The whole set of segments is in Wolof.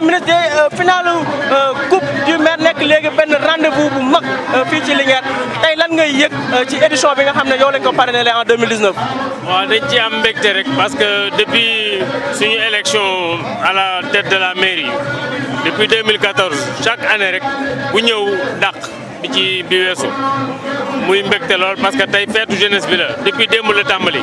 le ministre euh, final euh, coupe du maire nek léegi ben rendez-vous bu mag euh, fi ci Linguère tay lan ngay yek ci édition bi nga xam ne yow lañ ko parrainé en 2019. wa dañ ci am mbégte rek parce que depuis suñu élection à la tête de la mairie depuis 2014 chaque année rek bu ñew dak bi ci bi weesu muy mbégte lol parce que tay fête jeunesse bi la depuis démb le tambali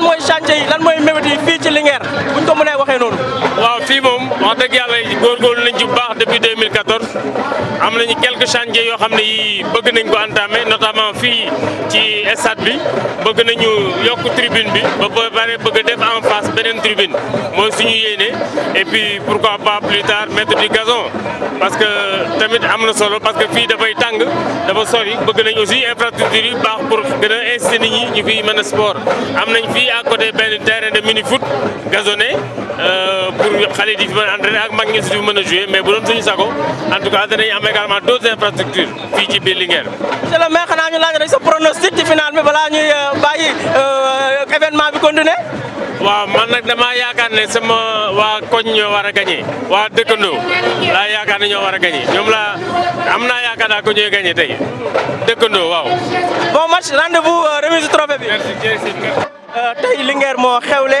lan mooy chantier lan mooy mébét fii ci Linguère buñ ko mënee waxee noonu. waaw fii moom wax dëgg yàlla góorgóorlu nañu quelques changements yo xamné yi bëgg nañ ko entamer notamment fi ci stade bi bëgg nañu yokk tribune bi ba bari bëgg def en face benen tribune moy suñu yéene et puis pourquoi pas plus tard mettre du gazon parce que tamit amna solo parce que fi fii dafay tàng dafa sori bëgg nañ aussi infrastructure yi baax pour gën a nit ñi ñu fi mëna sport am nañ fii à côté benn terrain de mini foot gazonné Euh, pour xale yi di fi mën a entraîner ak mag ñi a am également d'autres infrastructures fii ci biir Linguère. monsieur xanaa ñu laaj sa pronostic ci final bi balaa ñuy euh, bàyyi euh, événement bi continuer. waaw man nag dama yaakaar ne sama waa koñ ñoo war a gagné waa dëkkandoo laa yaakaar ne ñoo war a gagné ñoom laa am naa yaakaar naa ko ñooy tey dëkkandoo waaw. bon match rendez-vous remise trophée bi. tey Linguère moo xewle.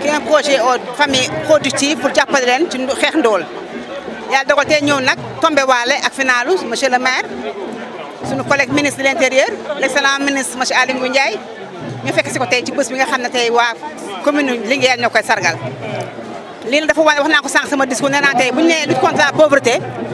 qui est projet aux familles productives pour jàppale leen ci xeex ndóol yàlla dogal tey ñëw nag tombé waale ak finalu monsieur le maire sunu collègue ministre de l' intérieur l' excellent ministre monsieur Aly Ngouille Ndiaye ñu fekk si ko tey ci bés bi nga xam na tey waa commune Linguère ñoo koy sargal lii dafa wane wax naa ko sànq sama discours nee naa tey bu nee lutte contre la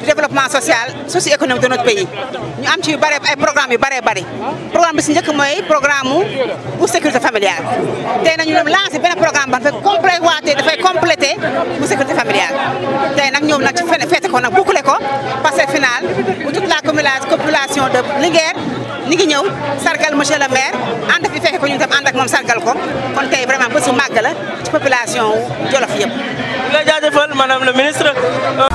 du développement social socio-économique de notre pays ñu am ci yu bare ay programme yu bare bari programme bi si njëkk mooy programme pour sécurité familiale tey nañu ñoom lancé benn programme ba dafay complet waatee dafay complété mu sécurité familiale tey nag ñoom nag ci ko nag bouclé ko parce final bu toute la population de Linguère ni ngi ñëw sargal monsieur le maire ànd fi fekke ko ñu tam ànd ak moom sargal ko kon tey vraiment bésu màgg la ci population wu Jolof yëpp